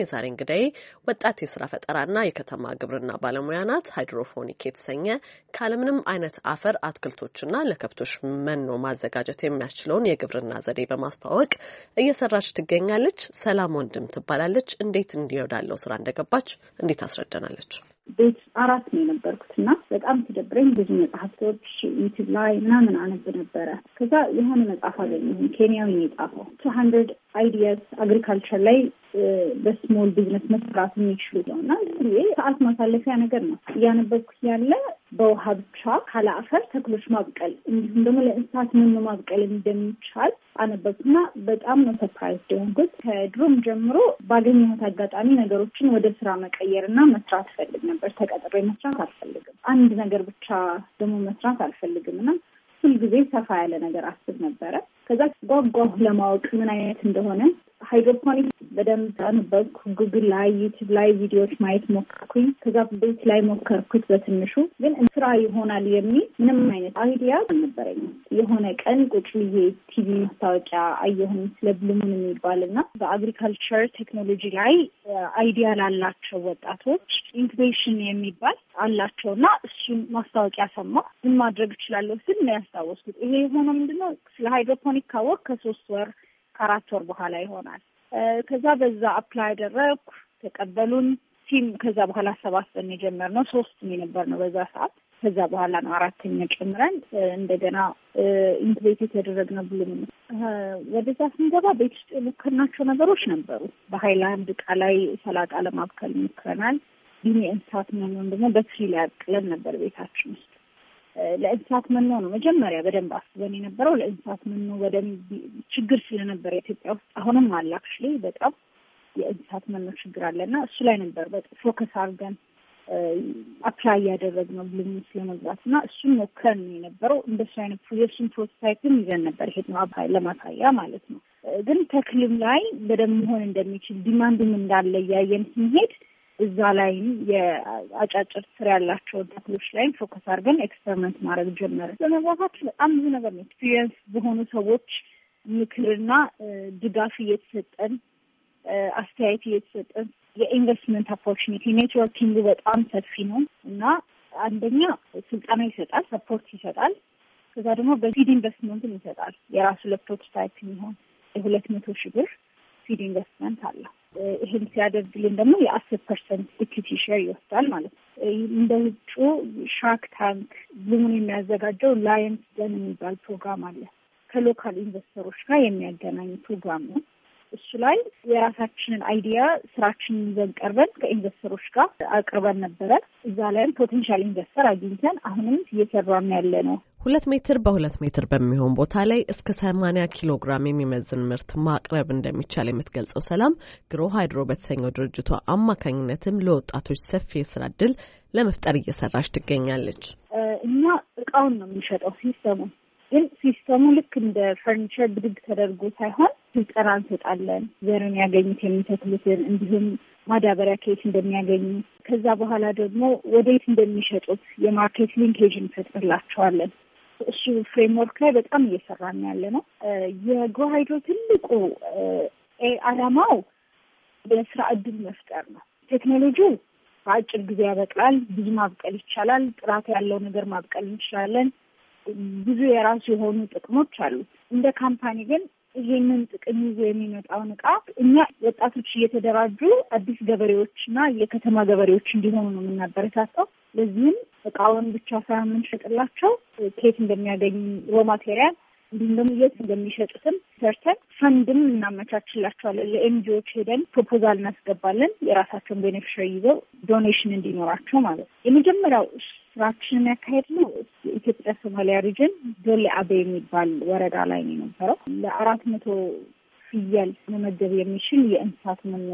የዛሬ እንግዳዬ ወጣት የስራ ፈጠራና የከተማ ግብርና ባለሙያ ናት። ሃይድሮፎኒክ የተሰኘ ካለምንም አይነት አፈር አትክልቶችና ለከብቶች መኖ ማዘጋጀት የሚያስችለውን የግብርና ዘዴ በማስተዋወቅ እየሰራች ትገኛለች። ሰላም ወንድም ትባላለች። እንዴት እንዲወዳለው ስራ እንደገባች እንዴት አስረደናለች። ቤት አራት ነው የነበርኩት እና በጣም ሲደብረኝ ብዙ መጽሐፍቶች ዩቲብ ላይ ምናምን አነብ ነበረ። ከዛ የሆነ መጽሐፍ አገኘሁ። ኬንያዊ የጻፈው ቱ ሀንድረድ አይዲያስ አግሪካልቸር ላይ በስሞል ቢዝነስ መስራት የሚችሉ ሆና እና ሰዓት ማሳለፊያ ነገር ነው እያነበብኩት ያለ በውሃ ብቻ ካለ አፈር ተክሎች ማብቀል እንዲሁም ደግሞ ለእንስሳት ምኑ ማብቀል እንደሚቻል አነበብኩና በጣም ነው ሰርፕራይዝ ደሆንኩት። ከድሮም ጀምሮ ባገኘሁት አጋጣሚ ነገሮችን ወደ ስራ መቀየር እና መስራት ፈልግ ነበር። ተቀጥሮ መስራት አልፈልግም። አንድ ነገር ብቻ ደግሞ መስራት አልፈልግም እና ሁልጊዜ ሰፋ ያለ ነገር አስብ ነበረ። ከዛ ጓጓሁ ለማወቅ ምን አይነት እንደሆነ ሃይድሮፖኒክ በደንብ አነበብኩ። ጉግል ላይ፣ ዩቲብ ላይ ቪዲዮዎች ማየት ሞከርኩኝ። ከዛ ቤት ላይ ሞከርኩት በትንሹ ግን ስራ ይሆናል የሚል ምንም አይነት አይዲያ አልነበረኝ። የሆነ ቀን ቁጭ ብዬ ቲቪ ማስታወቂያ አየሁኝ ስለ የሚባል እና በአግሪካልቸር ቴክኖሎጂ ላይ አይዲያ ላላቸው ወጣቶች ኢንኩቤሽን የሚባል አላቸው እና እሱን ማስታወቂያ ሰማ ምን ማድረግ እችላለሁ ስል ነው ያስታወስኩት። ይሄ የሆነው ምንድነው ስለ ሃይድሮፖኒክ ካወቅ ከሶስት ወር ከአራት ወር በኋላ ይሆናል። ከዛ በዛ አፕላይ አደረግኩ፣ ተቀበሉን። ሲም ከዛ በኋላ ሰባት በን የጀመር ነው ሶስት የነበር ነው በዛ ሰዓት። ከዛ በኋላ ነው አራተኛ ጨምረን እንደገና ኢንክሬት የተደረግነው ብሎ ወደዛ ስንገባ ቤት ውስጥ የሞከርናቸው ነገሮች ነበሩ። በሀይላንድ እቃ ላይ ሰላጣ ለማብከል ሞክረናል። ቢኒ እንስሳት መሆኑን ደግሞ በትሪ ላይ አቅለን ነበር ቤታችን ውስጥ ለእንስሳት መኖ ነው መጀመሪያ በደንብ አስበን የነበረው። ለእንስሳት መኖ በደንብ ችግር ስለነበረ ኢትዮጵያ ውስጥ አሁንም አለ አክቹዋሊ በጣም የእንስሳት መኖ ችግር አለና እሱ ላይ ነበር ፎከስ አድርገን አፕላይ እያደረግነው ብልሙስ ለመግባት እና እሱን ሞከርን የነበረው እንደሱ አይነት ፕሮጀክሽን ፕሮቶታይፕም ይዘን ነበር ሄድ ነው ለማሳያ ማለት ነው። ግን ተክልም ላይ በደንብ መሆን እንደሚችል ዲማንድም እንዳለ እያየን ስንሄድ እዛ ላይም የአጫጭር ስር ያላቸውን ተክሎች ላይም ፎከስ አድርገን ኤክስፐሪመንት ማድረግ ጀመረ። በመግባታችን በጣም ብዙ ነገር ነው። ኤክስፒሪየንስ በሆኑ ሰዎች ምክርና ድጋፍ እየተሰጠን አስተያየት እየተሰጠን የኢንቨስትመንት ኦፖርቹኒቲ ኔትወርኪንግ በጣም ሰፊ ነው እና አንደኛ ስልጠና ይሰጣል፣ ሰፖርት ይሰጣል። ከዛ ደግሞ በሲድ ኢንቨስትመንትን ይሰጣል። የራሱ ለፕሮቶታይፕ የሚሆን የሁለት መቶ ሺህ ብር ሲድ ኢንቨስትመንት አለው። ይህን ሲያደርግልን ደግሞ የአስር ፐርሰንት ኢኩቲ ሼር ይወስዳል ማለት ነው። እንደ ውጩ ሻርክ ታንክ ሉሙን የሚያዘጋጀው ላየንስ ደን የሚባል ፕሮግራም አለ። ከሎካል ኢንቨስተሮች ጋር የሚያገናኝ ፕሮግራም ነው። ላይ የራሳችንን አይዲያ ስራችንን ይዘን ቀርበን ከኢንቨስተሮች ጋር አቅርበን ነበረ። እዛ ላይም ፖቴንሻል ኢንቨስተር አግኝተን አሁንም እየሰራን ያለ ነው። ሁለት ሜትር በሁለት ሜትር በሚሆን ቦታ ላይ እስከ ሰማኒያ ኪሎ ግራም የሚመዝን ምርት ማቅረብ እንደሚቻል የምትገልጸው ሰላም ግሮ ሃይድሮ በተሰኘው ድርጅቷ አማካኝነትም ለወጣቶች ሰፊ የስራ እድል ለመፍጠር እየሰራች ትገኛለች። እኛ እቃውን ነው የምንሸጠው ሲስተሙን ግን ሲስተሙ ልክ እንደ ፈርኒቸር ብድግ ተደርጎ ሳይሆን ስልጠና እንሰጣለን። ዘርን ያገኙት የሚተክሉትን እንዲሁም ማዳበሪያ ከየት እንደሚያገኙ ከዛ በኋላ ደግሞ ወደየት እንደሚሸጡት የማርኬት ሊንኬጅ እንፈጥርላቸዋለን። እሱ ፍሬምወርክ ላይ በጣም እየሰራን ያለ ነው። የግሮ ትልቁ አላማው የስራ እድል መፍጠር ነው። ቴክኖሎጂው በአጭር ጊዜ ያበቅላል። ብዙ ማብቀል ይቻላል። ጥራት ያለው ነገር ማብቀል እንችላለን። ብዙ የራሱ የሆኑ ጥቅሞች አሉት። እንደ ካምፓኒ ግን ይሄንን ጥቅም ይዞ የሚመጣውን እቃ እኛ ወጣቶች እየተደራጁ አዲስ ገበሬዎችና የከተማ ገበሬዎች እንዲሆኑ ነው የምናበረታታው። ለዚህም እቃውን ብቻ ሳይሆን የምንሸጥላቸው ኬት እንደሚያገኝ ሮ ማቴሪያል እንዲሁም ደግሞ የት እንደሚሸጡትም ሰርተን ፈንድም እናመቻችላቸዋለን። ለኤንጂዎች ሄደን ፕሮፖዛል እናስገባለን። የራሳቸውን ቤኔፊሻሪ ይዘው ዶኔሽን እንዲኖራቸው ማለት ነው። የመጀመሪያው ስራችንን ያካሄድ ነው ኢትዮጵያ ሶማሊያ ሪጅን ዶሌ አቤ የሚባል ወረዳ ላይ ነው የነበረው ለአራት መቶ ፍየል መመገብ የሚችል የእንስሳት መኖ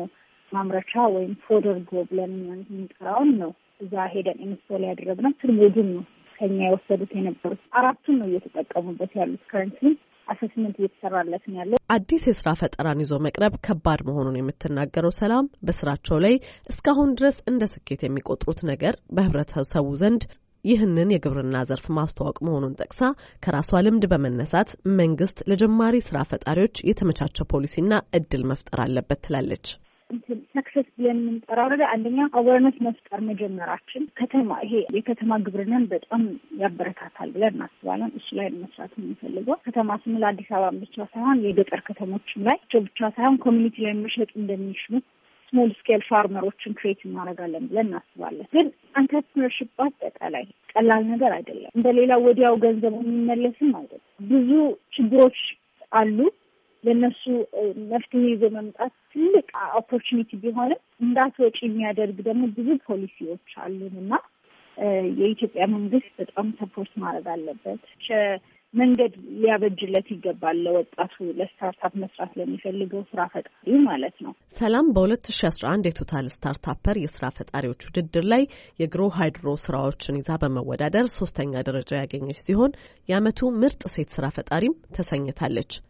ማምረቻ ወይም ፎደር ጎብለን ብለን የምንጠራውን ነው እዛ ሄደን ኢንስቶል ያደረግነው ትርቦዱም ነው ከኛ የወሰዱት የነበሩት አራቱን ነው እየተጠቀሙበት ያሉት ከረንትሊ አሰስመንት እየተሰራለት ነው ያለው። አዲስ የስራ ፈጠራን ይዞ መቅረብ ከባድ መሆኑን የምትናገረው ሰላም በስራቸው ላይ እስካሁን ድረስ እንደ ስኬት የሚቆጥሩት ነገር በህብረተሰቡ ዘንድ ይህንን የግብርና ዘርፍ ማስተዋወቅ መሆኑን ጠቅሳ ከራሷ ልምድ በመነሳት መንግስት ለጀማሪ ስራ ፈጣሪዎች የተመቻቸ ፖሊሲና እድል መፍጠር አለበት ትላለች። ሰክሰስ ብለን የምንጠራው ነገር አንደኛ አዋርነስ መፍጠር መጀመራችን ከተማ ይሄ የከተማ ግብርናን በጣም ያበረታታል ብለን እናስባለን። እሱ ላይ መስራት የምንፈልገው ከተማ ስንል አዲስ አበባ ብቻ ሳይሆን የገጠር ከተሞችም ላይ ብቻ ሳይሆን ኮሚኒቲ ላይ መሸጥ እንደሚችሉ ስሞል ስኬል ፋርመሮችን ክሬት እናደርጋለን ብለን እናስባለን። ግን አንተርፕርነርሽፕ አጠቃላይ ቀላል ነገር አይደለም። እንደሌላ ወዲያው ገንዘቡ የሚመለስም አይደለም። ብዙ ችግሮች አሉ። ለእነሱ መፍትሄ ይዞ መምጣት ትልቅ ኦፖርቹኒቲ ቢሆንም እንዳትወጪ የሚያደርግ ደግሞ ብዙ ፖሊሲዎች አሉን እና የኢትዮጵያ መንግስት በጣም ሰፖርት ማድረግ አለበት። መንገድ ሊያበጅለት ይገባል። ለወጣቱ ለስታርታፕ መስራት ለሚፈልገው ስራ ፈጣሪ ማለት ነው። ሰላም በ አንድ የቶታል ስታርታፐር የስራ ፈጣሪዎች ውድድር ላይ የግሮ ሃይድሮ ስራዎችን ይዛ በመወዳደር ሶስተኛ ደረጃ ያገኘች ሲሆን የአመቱ ምርጥ ሴት ስራ ፈጣሪም ተሰኝታለች።